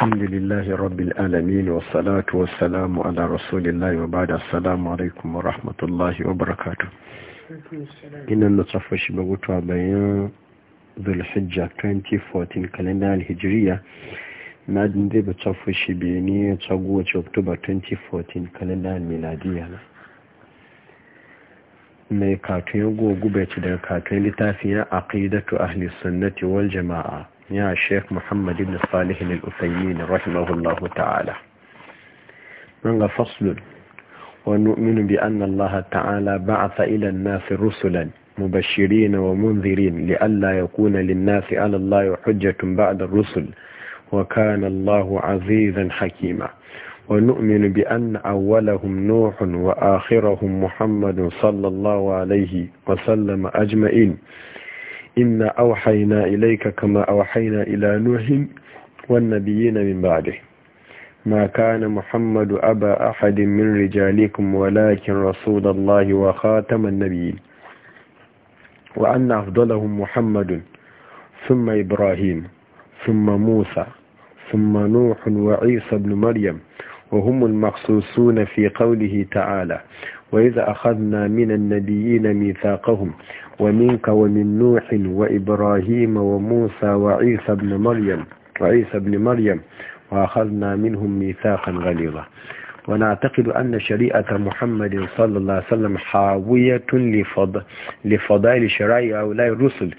الحمد لله رب العالمين والصلاة والسلام على رسول الله وبعد السلام عليكم ورحمة الله وبركاته إن النصف شبغوت وبيان ذو الحجة 2014 كالندر الهجرية نادن ذي بتصف شبيني تصوغوة أكتوبر 2014 كالندر الميلادية mai katoyin gogu bai ci daga katoyin littafin ya aqidatu ahli يا شيخ محمد بن صالح الأثيمين رحمه الله تعالى من فصل ونؤمن بأن الله تعالى بعث إلى الناس رسلا مبشرين ومنذرين لئلا يكون للناس على الله حجة بعد الرسل وكان الله عزيزا حكيما ونؤمن بأن أولهم نوح وآخرهم محمد صلى الله عليه وسلم أجمعين إنا أوحينا إليك كما أوحينا إلى نوح والنبيين من بعده ما كان محمد أبا أحد من رجالكم ولكن رسول الله وخاتم النبيين وأن أفضلهم محمد ثم إبراهيم ثم موسى ثم نوح وعيسى بن مريم وهم المخصوصون في قوله تعالى وإذا أخذنا من النبيين ميثاقهم ومنك ومن نوح وإبراهيم وموسى وعيسى بن مريم وعيسى بن مريم وأخذنا منهم ميثاقا غليظا ونعتقد أن شريعة محمد صلى الله عليه وسلم حاوية لفض... لفضائل شرائع هؤلاء الرسل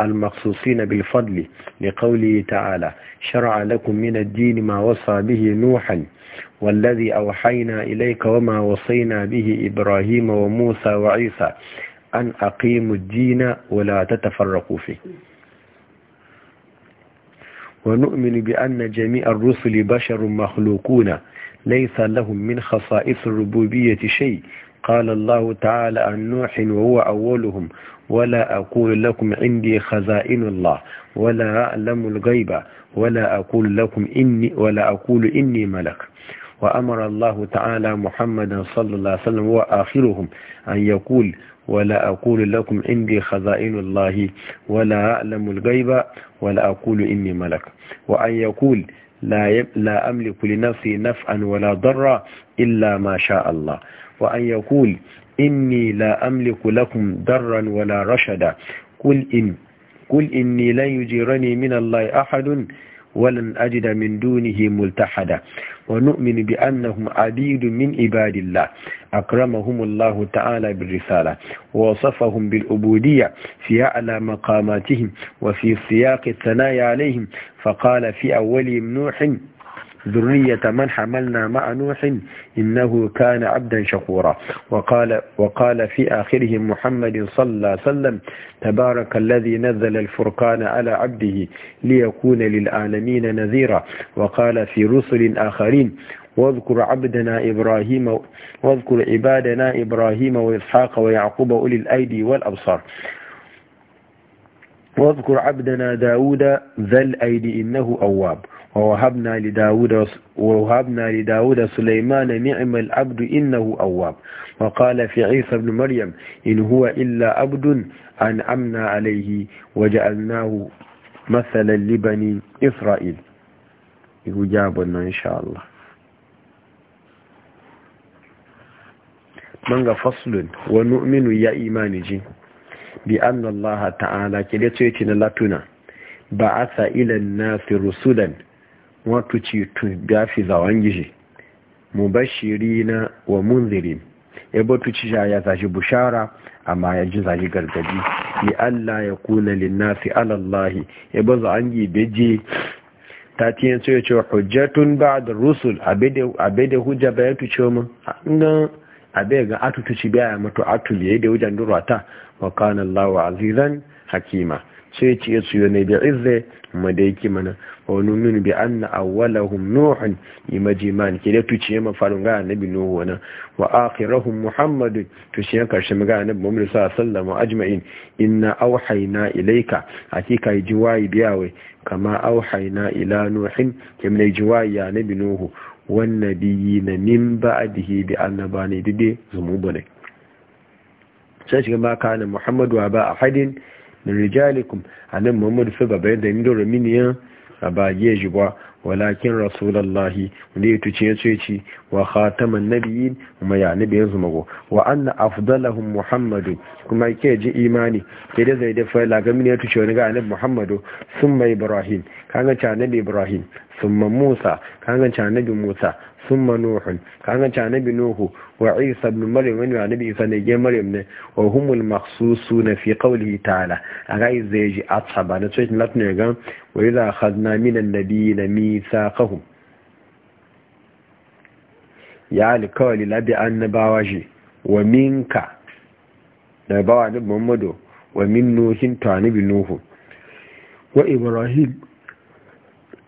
المخصوصين بالفضل لقوله تعالى شرع لكم من الدين ما وصى به نوحا والذي أوحينا إليك وما وصينا به إبراهيم وموسى وعيسى أن أقيموا الدين ولا تتفرقوا فيه ونؤمن بأن جميع الرسل بشر مخلوقون ليس لهم من خصائص الربوبية شيء قال الله تعالى عن نوح وهو أولهم ولا أقول لكم عندي خزائن الله ولا أعلم الغيب ولا أقول لكم إني ولا أقول إني ملك وأمر الله تعالى محمدا صلى الله عليه وسلم وآخرهم أن يقول ولا أقول لكم عندي خزائن الله ولا أعلم الغيب ولا أقول إني ملك وأن يقول لا, لا أملك لنفسي نفعا ولا ضرا إلا ما شاء الله وأن يقول إني لا أملك لكم ضرا ولا رشدا قل إن قل إني لن يجيرني من الله أحد ولن أجد من دونه ملتحدا ونؤمن بأنهم عبيد من عباد الله أكرمهم الله تعالى بالرسالة ووصفهم بالعبودية في أعلى مقاماتهم وفي سياق الثنايا عليهم فقال في أول نوح ذرية من حملنا مع نوح إنه كان عبدا شكورا وقال, وقال في آخرهم محمد صلى الله عليه وسلم تبارك الذي نزل الفرقان على عبده ليكون للعالمين نذيرا وقال في رسل آخرين واذكر عبدنا إبراهيم واذكر عبادنا إبراهيم وإسحاق ويعقوب أولي الأيدي والأبصار واذكر عبدنا داود ذا الأيد إنه أواب ووهبنا لداود, ووهبنا لداود سليمان نعم العبد إنه أواب وقال في عيسى بن مريم إن هو إلا عبد أنعمنا عليه وجعلناه مثلا لبني إسرائيل يجابنا إن شاء الله من فصل ونؤمن يا إيمان جين bi ta'ala ke da ce na latuna ba a sa ilan nasi rusulan wato ci tun ya zawon gishi mu bashiri na wa munzirin ya e batu ci ya zaji bushara amma ya ji gargadi li Allah ya kuna nasi alallahi ya e ba za an yi beje ta tiyan so ya ce hujjatun ba da rusul abe da hujja bayan tuce mu abe ga atutu ci biya mutu atul yayi da wajen durata wa kana Allahu azizan hakima sai ce su ne bi izze kuma da yake mana wa nu'minu bi anna awwalahum nuh imajiman ke da tuci ma farun ga annabi nuhu wana wa akhiruhum muhammad ka shi ga annabi muhammad sallallahu ajma'in inna awhayna ilayka hakika jiwayi biyawe kama awhayna ila nuhin kemne jiwayi ya annabi nuhu wannabi na min dihi bi annaba ne dide zumubu ne sai shiga ma kana muhammadu wa ba ahadin na rijalikum a nan muhammadu fa ba bayan da yin dora miniya a ji ba walakin rasulallahi wanda ya tuce ya ce wa khataman nabiyyin kuma ya nabi yanzu mago wa anna afdalahum muhammadu kuma ke ji imani ke da zai da fa la ga mini ya tuce wani ga annabi muhammadu mai ibrahim kan ci nabi ibrahim summa musa kan ci annabi musa summa nuhu kan ci nabi nuhu wa isa ibn maryam wani nabi isa ne ge maryam ne wa humul makhsusuna fi qawlihi ta'ala aga zai ji ataba na cikin latin ga wa minan na biyu na nabiyina mithaqahum ya alkawali labi annabawa shi wa minka da bawa muhammadu wa min nuhin to nuhu wa ibrahim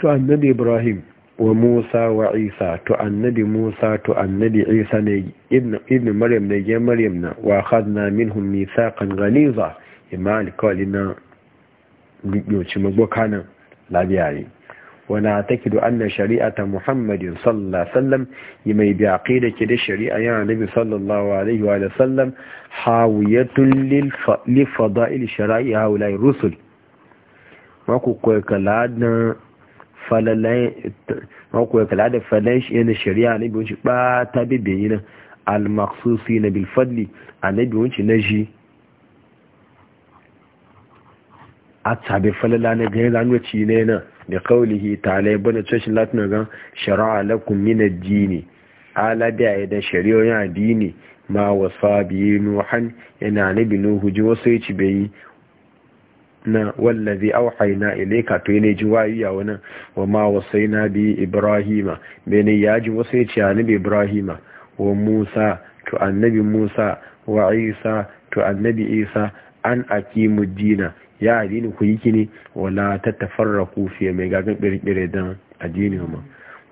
to annabi ibrahim wa musa wa isa to annabi musa to annabi isa ne ibn maryam ne ya maryam na wa khadna minhum mithaqan ghaliza imma alqalina yoci magbokanan labiyayi wana take da annan shari'ata muhammadin sallallahu sallam yi mai biyaƙi da ke da shari'a yana nabi sallallahu alaihi wa sallam hawiyatun fada'il shari'a haulayi rusul maku kwaikala na falalayen da shari'a na almaksusi na bilfadli a na na shi a tabi falala na gani zanuwa ne na da kawulihi talai bane cocin latin gan shari'a addini ala da ma wasa biyu nuhan yana nabi nuhu ji wasu ya ci bai na wallazi auhayna ilayka to ne ji wayuya wani wa ma wasaina bi ibrahima bene ya ji wasai ci annabi ibrahima wa musa to annabi musa wa isa to annabi isa an aqimu dina ya adini ku yi kini wala tatafarraqu fi mai gagan birkire dan addini ma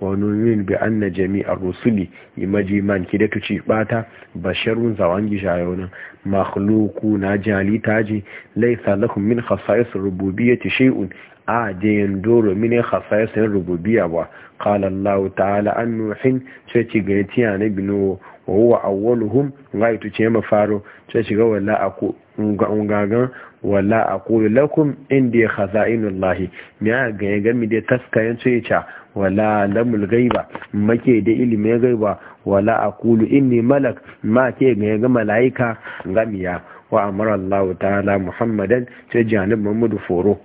wa nuyin bi anna jami'ar rusuli imaji man ki da tuci bata basharun zawangi shayonin makhluku na jali taji laysa lahum min khasa'is rububiyyati shay'un a jayin doro mini khasaya sayin rububiya ba qala allah ta'ala an nuhin sai ci ga tiya ne binu wa huwa awwaluhum ngai tu ce ma faro ci ga walla aku ngagan walla aqulu lakum indi khaza'inullah mi ga ga mi da taskayan ce ta wala lamul gaiba make da ilimi gaiba wala aqulu inni malak ma ke ga ga malaika ngamiya wa amara allah ta'ala muhammadan ce janib muhammadu foro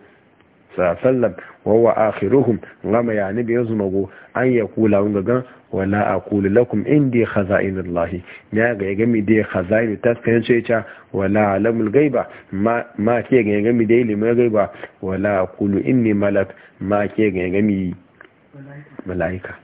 sallam wa huwa akhiruhum lama yani bi yazmago an yakula wanga gan wala aqulu lakum indi khaza'inullahi ya ga ga mi dai khazain taskan ce ta wala alamul gaiba ma ma ke ga ga mi dai ilimin gaiba wala aqulu inni malak ma ke ga ga mi malaika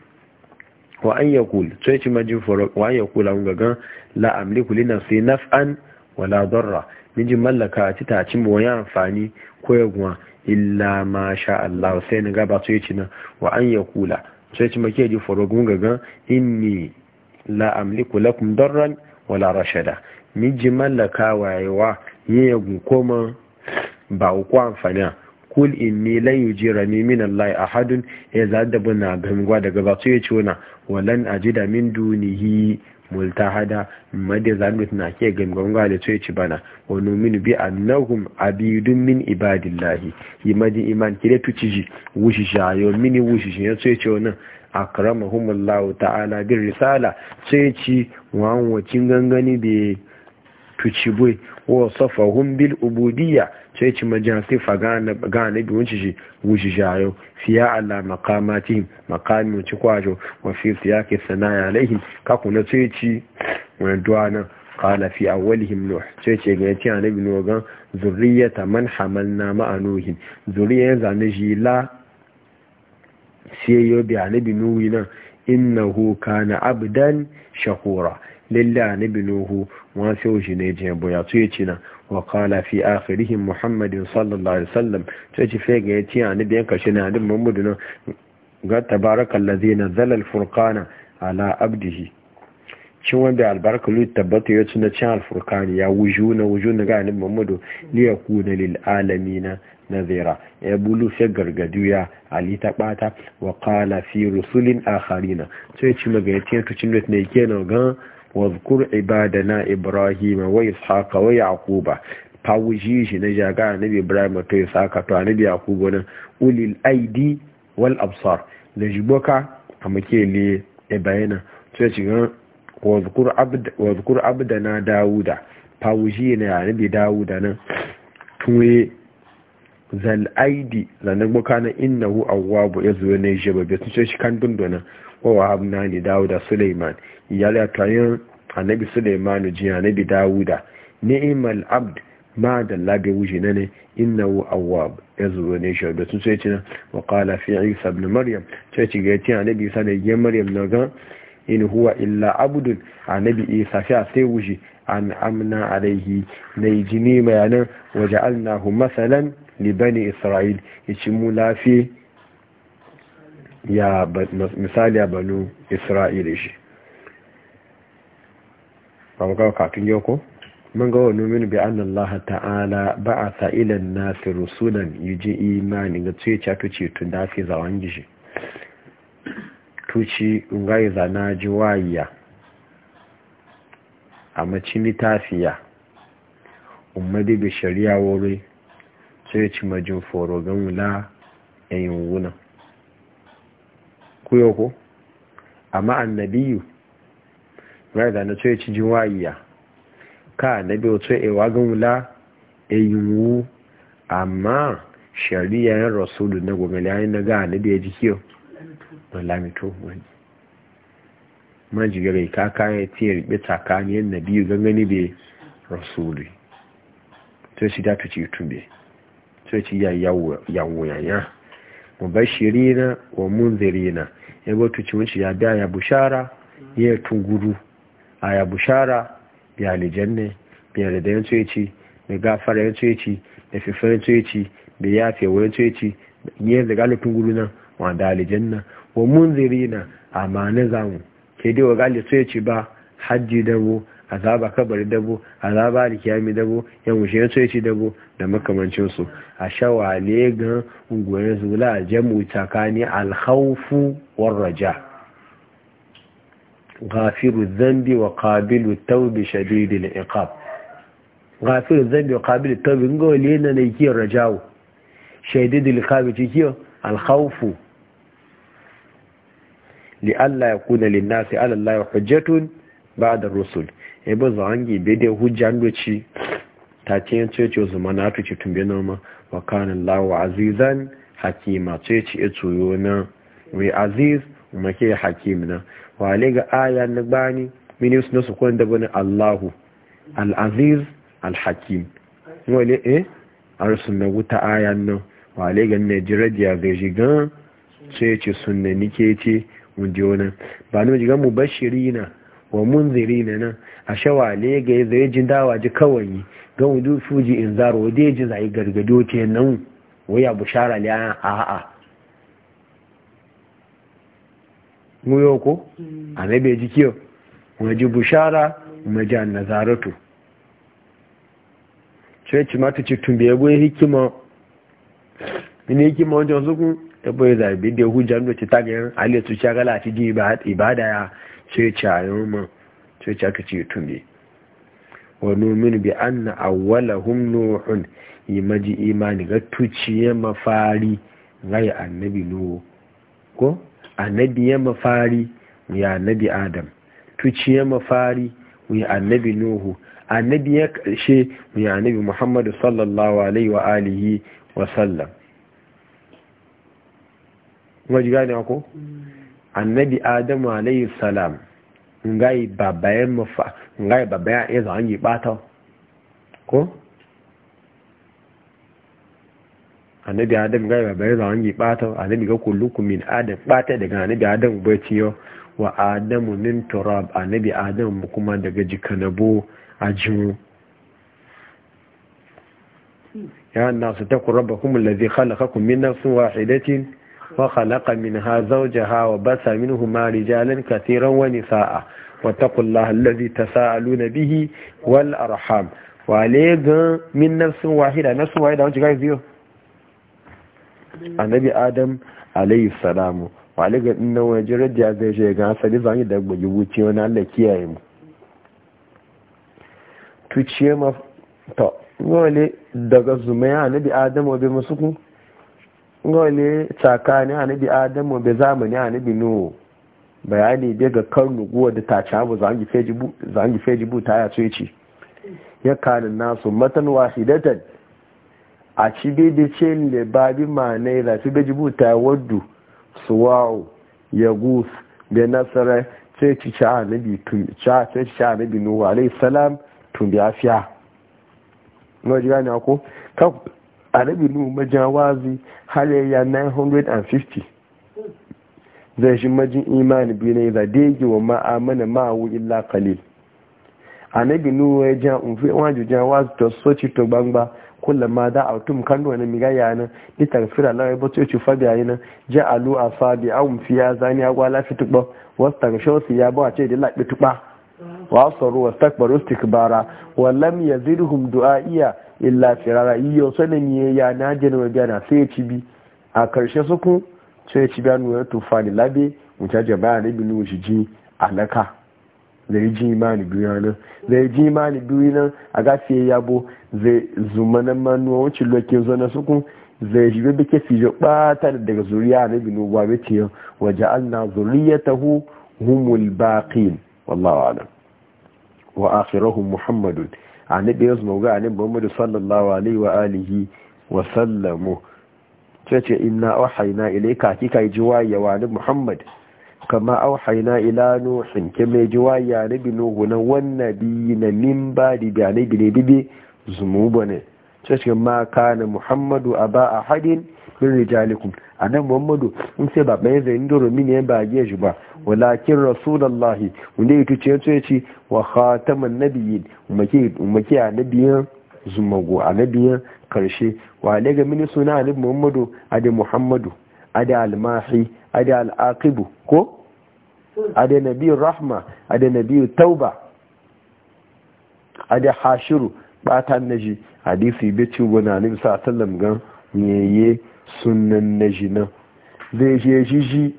wa an yaqul sai majin furo wa an yaqula wanga ga, la amliku li nafsi naf'an wala darra jin mallaka ta ta cin mu wani amfani koyarwa illa ma sha Allah sai ni gaba sai ci nan wa an ya kula sai ci make ji farogun gaga inni la amliku lakum darran wala rashada ni ji mallaka wayewa yin ya koma ba ku amfani kul inni yujira ni min Allah ahadun ya e zadda bana gangwa daga ba sai ci wala walan ajida min dunihi multahada made zanut na ke gangonga da tsoye ci bana wa nominu bi annahum abidun min ibadillahi madi iman kire tuciji wushi yo mini wushi ya tsoye ci wannan akramahumullahu ta'ala bir risala tsoye ci wan wacin gangani bi tucibe wa safahun bil ubudiyya sai ci majalisi fa ga nabi wunci shi wuce shayo fiya ala makamati makami wuce kwajo wa ke sana sanaya laihin kaku na sai ci wani duwana kala fi awwalihim nuh sai ce ga yace annabi nuh gan ta man hamalna ma'a nuhin a na shi la sai yo bi annabi nuh nan innahu kana abdan shakura lalla nabi nuhu wọn sai shi ne je boya to yi cina wa kala fi akhirihim muhammadin sallallahu alaihi wasallam to ci fe ga yace annabi yanka shi ne annabi muhammadu na ga na zalal furkana ala abdihi cin wanda albarka lu tabbata ya tuna cin alfurkani ya wuju na wuju na ga annabi muhammadu li yakuna lil alamina nazira ya bulu sai gargadu ya ali ta bata wa kala fi rusulin akharina yi ci maga yace to da ne kenan ga واذكر عبادنا ابراهيم وإسحاق ويعقوب نجا نجاقا نبي إبراهيم وإسحاق نبي يعقوب أولي الايدي والابصار نجبوك أما كيلي ابينا تشيغان واذكر عبد واذكر عبدنا داوود فوجينا نبي داوود أنا توي zal aidi zanen bukana innahu awwabu ya zuwa ne jaba bai sun shi kan dunduna wa wahabna ni dawuda suleiman iyali atayin annabi suleiman ji annabi dawuda ni'mal abd ma da labe wuce na ne innahu awwab ya ne shi da sun sai cina wa qala fi isa ibn maryam sai ci ti annabi isa da yin maryam na ga in huwa illa abdul annabi isa sai sai wuji an amna alaihi na jini mai nan alnahu masalan li bani isra'il ya ci mu lafiya ya misali a banu isra'ila shi ba mu kawo kafin yau ko mun ga wani minu bi annan Allah ta'ala ba a sa'ilan nasu rusunan yi ji imani ga tsoye cato ce tun da ake zawon gishi tuci ngayi zana ji wayiya a maci litafiya umadi bi shari'a wuri tsaye ci majin foro gan wula yayin wunan kuyo ko amma annabiyu rai da na tsoye cijin wayiya ka annabi wato ewa gan wula eyinwu amma shari'a yan rasulu na gomele yayin na ga annabi ya ji kiyo na lamito wani majigar ka kayan tiye riɓe tsakaniyar nabiyu gangani bai rasulu to shi da tuci tumbe to shi ya yawo yanya mubashirina wa munzirina yabo tucimunci ya da ya bushara ya tunguru a ya bushara ya aljanna ya da yan tsoyici da gafara yan tsoyici da yanzu tsoyici da yafe wayan tsoyici ya da galo tunguru na wa da aljanna wa munzirina amma za zamu ke dai wa galo tsoyici ba hajji dabo azaba kabari dabo azaba alkiyami dabo yan wuce yan tsoyici dabo da makamancinsu a shawale gan ungoyin zula jamu tsakani alhaufu war raja ghafiru dhanbi wa qabilu tawbi shadidil iqab ghafiru dhanbi wa qabilu tawbi ngoli na ne ki rajawo shadidil iqab ci ki alhaufu li alla yakuna lin nasi ala allahi hujjatun ba'da ar-rusul ibo zangi bede hujjan doci ta ce ce ce su na ta ce tumbe noma wa kanin lawa azizan hakima ce ya tsoyo na wai aziz make hakim na wa ga aya na gbani mini su nasu kwan da gani allahu al'aziz al-hakim wale a arsun na wuta aya na wa ga ne jiradiya zai ce cece sunna nike ce wunje wani ba ne jiga mu bashiri na wa munziri na nan a shawale ga zai ji dawa ji kawai gan wudu fuji in zaro dai ji zai gargado te nan waya bushara liya a a muyo ko mm. annabi ji kiyo waje bushara majan nazaratu ci mata ci tumbe ya goye hikima ne hikima wajen sukun ebe ya zarbe da hujjar da ci tagayen aliyar su shagala a cikin ibada ya ce cayon ma ce ci aka ci tumbe wa numin bi anna awwalahum nuhun imaji imani ga tuciye mafari gai annabi nuhu ko annabi ya mafari ya annabi adam tuciye mafari ya annabi nuhu annabi ya karshe ya annabi muhammadu sallallahu alaihi wa wa sallam mm. annabi adamu alaihi salam ngai babayen mafari ngai babba ya iya anyi bata ko? annabi adam ngai babba ya anyi bata annabi ga kullukum min adam bata daga annabi adam bai ciyo wa adamu min turab annabi adam kuma daga jikanabo ajin jimu ta kuraba kuma lazi khalaqakum min nafsin wahidatin wa khalaqa minha zawjaha wa basa واتقوا الله الذي تساءلون به والأرحام وعليه من نفس واحدة نفس واحدة وانت قاعد فيه annabi adam alayhi salamu wa alaga dinna waje radiya zai je ga asali zan yi da gbaji wuce wani Allah kiyaye mu tuciye ma to ngole daga zumaya annabi adam wa be musuku ngole tsakani annabi adam wa be zamani annabi nuhu bayani bai ga kan nuguwa da ta yi zangi fejibu ta ya ce ce ya kanin nasu matan wahidatan a ci da ce ne bi ma na yi zafi bejibu ta su wawo ya gus da nasarar ce ci na anabi nuhu alai salam tun biya fiya na ji gani ako anabi nuhu majawazi har yaya 950 zai shi majin imani biyu ne za dege wa ma'amana ma'awu illa kalil bi nuwa ya ja unfi waju ja wazu su soci to gbangba kula ma da autum kan duwa na miga yana ni tafsira la ya bace ci fabi a ja alu fabi a fi ya zani ya gwala fi tuba wasu wasu ya bawa ce da laɓi tuba wa saru wa takbaru istikbara wa lam du'a iya illa firara iyo sanin ya na jana wa biyana sai ya ci bi a karshe suku sai ci biya nuna tufa da labe mutajen bayan rabin wuce ji alaka zai ji imani biyu nan zai ji imani biyu nan a gafiye yabo zai zuma na manuwa wuce lokin zana suku zai shiga da ke fiye batar daga zuriya na binu ba bai ce waje an na zuriya ta hu humul baqin wallahu alam wa akhirahum muhammadun a nabi yasmu ga annabi muhammadu sallallahu alaihi wa alihi wa sallamu sai ce inna auhayna kika hakika jiwaya wa ni muhammad kama auhaina ila nuhin kime jiwaya ni bi gunan na wannabi na min ba di bi ne bi bi zumuba ne sai ce ma kana muhammadu aba ahadin min rijalikum nan muhammadu in sai ba bayan zai ndoro mini yan ba ge shi ba walakin rasulullahi wanda yake ce ce ce wa khataman nabiyyin umake a annabiyan zumago annabiyan karshe wa daga mini suna alif muhammadu da muhammadu ade almahi da al'aqibu ko da nabiyu rahma da nabiyu tauba ade hashiru bata naji hadisi bi ci wani nabi sa sallam gan yeye sunan naji nan zai je jiji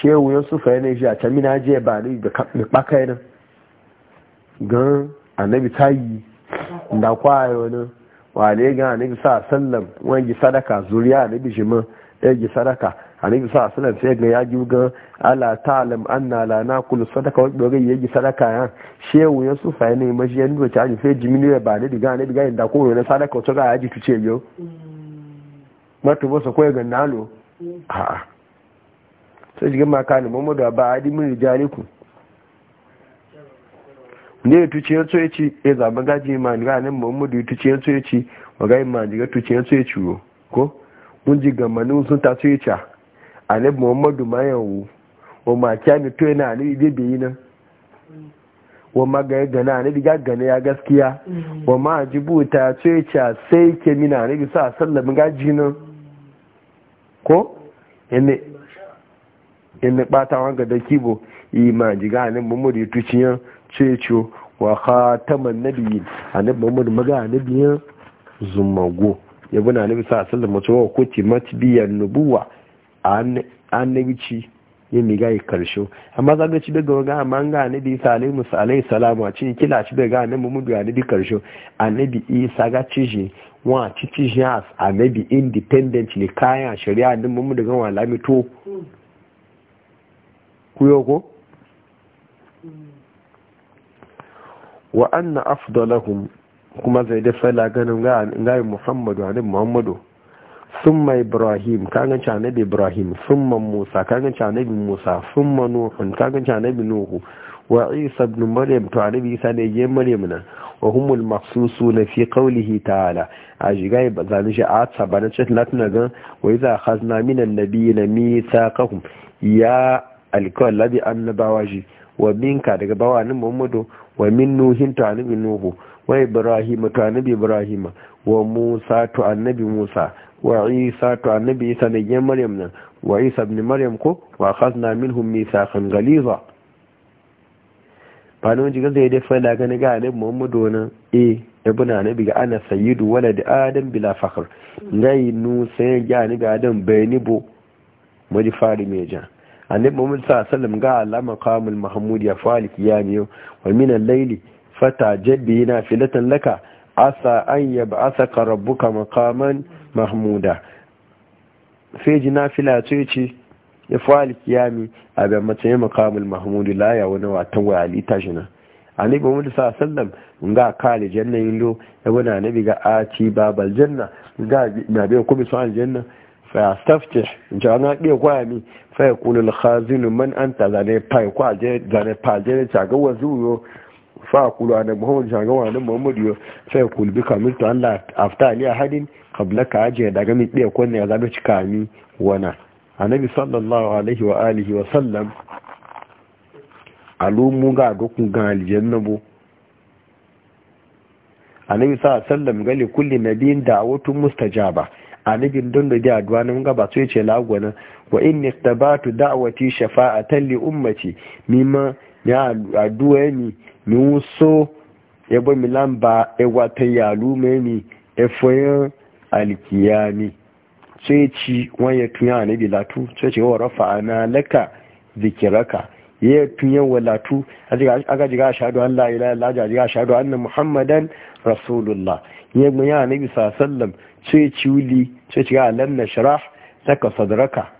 shehu sufa yana ji a can mina je ba ni da baka nan gan annabi ta yi da na ne wale ga anabi sa sallam wani gi sadaka zuriya anabi jima ya gi sadaka anabi sa sallam sai ga ya juga ala ta'lam anna la nakulu sadaka wani dogai ya gi sadaka ya shehu ya sufa ne maji ya nuna ta fe jimini ba ne diga anabi ga inda ko ne sadaka to ga ya ji tuce yo mm. mato bosa ko ga nalo mm. a'a sai jiga makani muhammadu ba adi E ne tuciyar tsoyaci ya zama gaji imani ranar muhammadu ya tuciyar tsoyaci wa ga imani ga tuciyar tsoyaci ro ko mun ji gamanin sun ta tsoyaci a ne muhammadu ma yawo wa ma kya ni to yana e ne ide bai nan wa ma ga e gana ne diga gane ya gaskiya wa ma jibu ta tsoyaci sai ke mina ne bisa sallamin gaji nan ko yanne yanne bata wanga da kibo yi imani ga ne muhammadu ya tuciyar cece wa khataman nabiyyin annabi Muhammad maga annabiyan zumago ya bi na annabi sa sallallahu alaihi wasallam ko ti matbiyan nubuwa annabici ya miga yi karshe amma zaga ci daga ga amma an ga nabi isa alaihi salamu a cikin kila ci daga annabi muhammadu nabi karshe annabi isa ga cije wa ci cije as annabi independent ne kayan shari'a annabi muhammadu ga walami to ku ko. wa anna afdalahum kuma zai da fala ganin ga muhammadu hannu muhammadu summa ibrahim kagan canabi ibrahim summa musa ka kagan canabi musa summa nuhun kagan canabi nuhu wa isa ibn maryam to anabi isa ne je maryam nan wa humul maqsusu na fi qawlihi ta'ala a ga ba zanu shi a saba na cikin latin ga wa iza khazna mi ta mithaqahum ya na ladhi annabawaji wa minka daga bawanin muhammadu wa min nuhin ta annabi nuhu wa ibrahim ta annabi ibrahim wa musa ta annabi musa wa isa ta annabi isa ne yan maryam nan wa isa ibn maryam ko wa khazna minhum mithaqan ghaliza ba nan jiga zai dai fada ga ga annabi muhammadu nan e eh, ibn annabi ga ana sayyidu walad adam bila fakhr ngai nu sai ga annabi adam bayni bo ji fari jan. annabi muhammad sallallahu alaihi wasallam ga alama qamul mahmud ya fali kiyami wa min al-layli fatajabbi nafilatan laka asa an yab'athaka rabbuka maqaman mahmuda sai ji nafila ce ce ya fali kiyami a ga matsayin maqamul mahmud la ya wani watan wa ali tashina annabi muhammad sallallahu alaihi wasallam ga kale janna yindo ya wani annabi ga ati babal janna ga na bai kuma su Janna. fa yastaftih in ji an ga kwaya mi sai kulul khazinu man anta zane pai ko aje zane paje ne ta ga yo fa kulu an muhammad ta ga wani muhammad yo sai kul bi kamil to Allah afta ali ahadin qabla ka aje daga mi tsaye ko ne ya zabe cika ni wana annabi sallallahu alaihi wa alihi wa sallam alumu ga dokun ga aljanna bo annabi sallallahu alaihi wa sallam gali kulli nabiyin da'watun mustajaba anibin don da di aduwa nan ga ba su yace lagwana wa inni tabatu da'wati shafa'atan li ummati mimma ya aduwa ni ni so ya bo mi lamba e wata ya lume ni e foyan alkiyami sai ci wani ya tunya bi latu sai ce wa rafa'ana laka zikiraka ya wa walatu aka jiga a shahadu an ila Allah a jiga a shaɗu annan Muhammadan Rasulullah ya gbunya a nabi wasallam sai ci wuli sai ci ga shara ta saka sadaraka.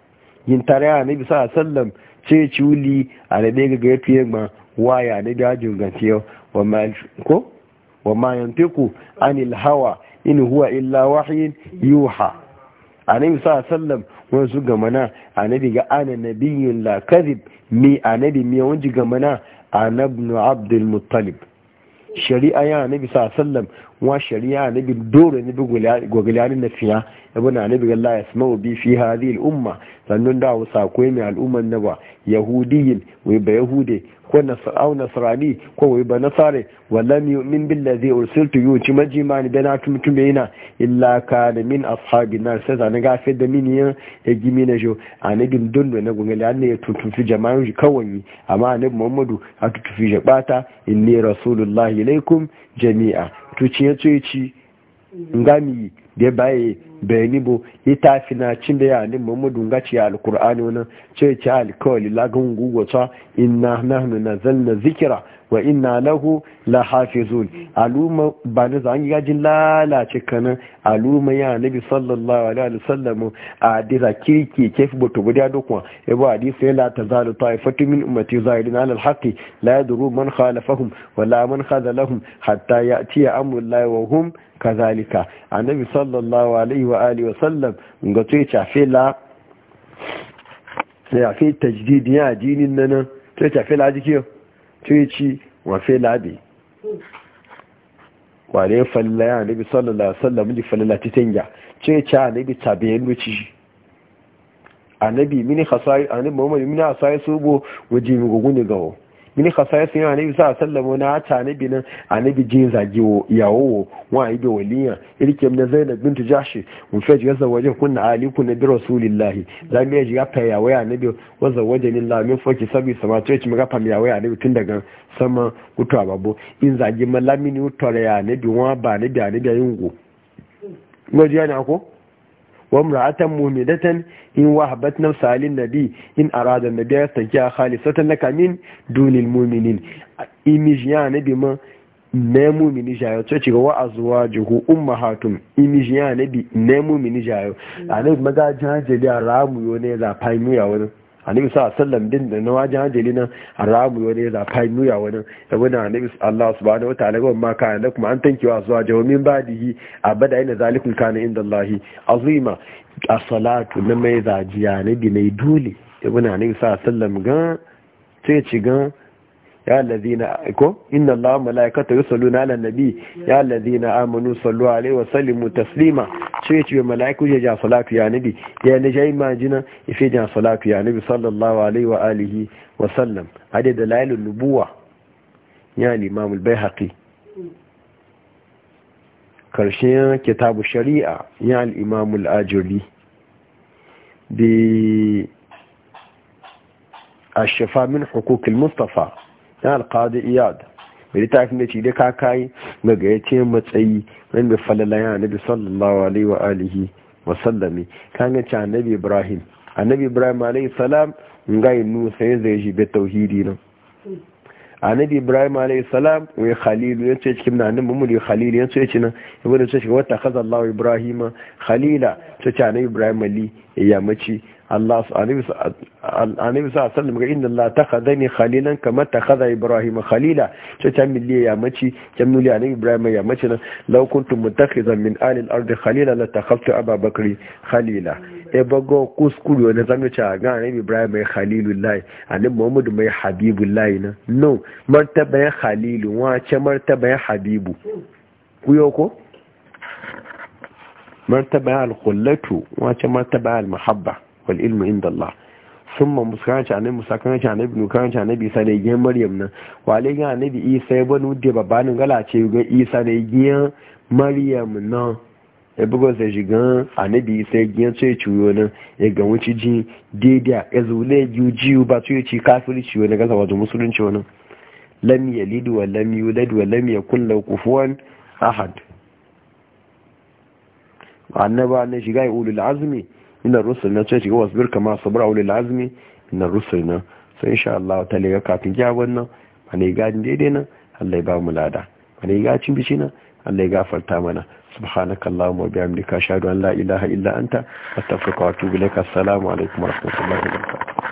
yin tare nabi sa'a sallam sai ci wuli a da daga ga fiye ma waya na biya junganci yau wa ma ko wa ma yantiqu in huwa illa wahyin yuha nabi sa sallam wani su na a nabi ga ana nabi yin lakazib mi nabi mi wani a anabnu abdul muttalib shari'a ya nabi sa sallam wa shari'a bin dole nabi gogilani na fiya ibn bin Allah ya sama bi fi hadhihi al'umma sannan da wa ko mai al'umman na ba yahudiyin wai ba yahude ko nasra'u Nasarani ko wai ba nasare wallam yu'min billazi ursiltu yuci majimani bana tumtume yana illa kana min ashabin nar sai zan ga fa da min ya gimi na jo anabi dondo na gwagilani ya tutufi jama'an shi kawai amma annabi muhammadu a tutufi jabata inni rasulullahi ilaikum jami'a tuci ya tsoye ci ngami da baye bayani bu ita fina cin da yani muhammadu gaci ya alkur'ani wani ce ce alkawali lagun gugwata inna nahnu nazalna zikira wa inna lahu la hafizun aluma ba na zan gajin lalace kanan aluma ya nabi sallallahu alaihi wasallam a dira kirki kefi boto guda dukwa ibu hadisi ya la tazalu ta'ifatu min umarci zahirin ala alhaqi la duru man khalafahum wa la man khazalahum hatta ya amur lai wa hum kadhalika annabi sallallahu alaihi wa alihi wa sallam ga to ya cafe la ya fi tajdidi ya addinin nan to ya cafe la jike to ya ci wa fe la bi wa ne falla ya nabi sallallahu alaihi wasallam li falla ti tanja ce ya cha nabi tabiyan luci annabi mini khasai annabi muhammad mini asai subo waje mi gugu ne gawo mini khasayasi na nabi sa sallama na ta nabi nan annabi jin zagi yawo wa ibe waliya irke na zainab bintu jashi mun faji waje kun na ali na bi rasulillah da me ji gafa yawo ya nabi wa zawaje lillah min faki sabi sama to ci mi gafa yawo ya nabi tun daga sama kutu babo in zagi malami ni utore ya nabi wa ba nabi nabi yungo ngoji yana ko wamra'atan mu'minatan in wahabat nafsa lin nabi in arada nabi ya hali khalisatan laka min dunil mu'minin imiji ya nabi ma ne mu'mini jayo to ci wa azwa juhu ummahatum imiji ya nabi ne mu'mini jayo anan maga jaje da ramu yo ne za fa mu annabi sa sallam din da na wajen hajjali na ramu wani da fa nuya wani da wani annabi Allah subhanahu wataala ga ma ka da kuma an tankewa zuwa jawmin badihi bada ina zalikul kana inda Allah azima a salatu na mai zajiya na dinai dole ibn annabi sa sallam ga sai ci ga يا الذين إن الله ملائكته يصلون على النبي يا الذين آمنوا صلوا عليه وسلموا تسليما شيء شيء ملائكة يجا صلاة يا نبي يا نجاي ما جنا في جا صلاة يا نبي صلى الله عليه وآله وسلم هذه دلائل النبوة يا يعني الإمام البيهقي كرشين كتاب الشريعة يا يعني الإمام الآجري ب الشفاء من حقوق المصطفى Yan alkadi iyad mai ta fi mace da kakayi ce matsayi na mai falala ya nabi sallallahu alaihi wa alihi wa sallami kan ga annabi ibrahim annabi ibrahim alaihi salam ga yi nusa ya zai shi bai tauhidi nan annabi ibrahim alayhi salam wai khalilu ya ce cikin nanin mamuli khalilu ya ce ya bude ce shi wata kaza allah ibrahima khalila ta ce annabi ibrahim ali ya mace الله annabi sa sallam ga inna Allah takhadani khalilan kama takhadha Ibrahim khalila ce ta milli ya mace ta milli annabi Ibrahim ya mace nan law kuntum mutakhizan min ahli al-ardi khalila la takhaftu Abu e kuskuru wani ga ne Ibrahim mai khalilullah annabi Muhammad mai habibullah na no martaban khalilu wa ce martaban habibu kuyo ko martaba al-khullatu wa ce martaba al-mahabba wal ilmu inda Allah sun ma musu kanci ci annabi musa kan ci annabi nu kan ci annabi isa ne giyan maryam nan wale ga annabi isa ya bani wuce babbanin gala ce ga isa ne giyan maryam nan ya buga sai shigan annabi isa ya giyan ce ciwo nan ya ga wuce ji daidai ya zule ji jiwu ba ce ci kafiri ciwo na gaza wajen musulunci wani lam yalid wa lam yulad wa lam yakul lahu kufuwan ahad annaba ne shiga ulul azmi ina rusul na ce birka wasbir kama sabra ulil lazimi ina rusul na sai sha Allah ta lega kafin ja wannan ne gadin daidai nan Allah ya ba mu lada ne gacin bishi nan Allah ya gafarta mana subhanakallahumma biya bihamdika shaidu an la ilaha illa anta astaghfiruka wa atubu ilaik assalamu alaikum wa rahmatullahi wa barakatuh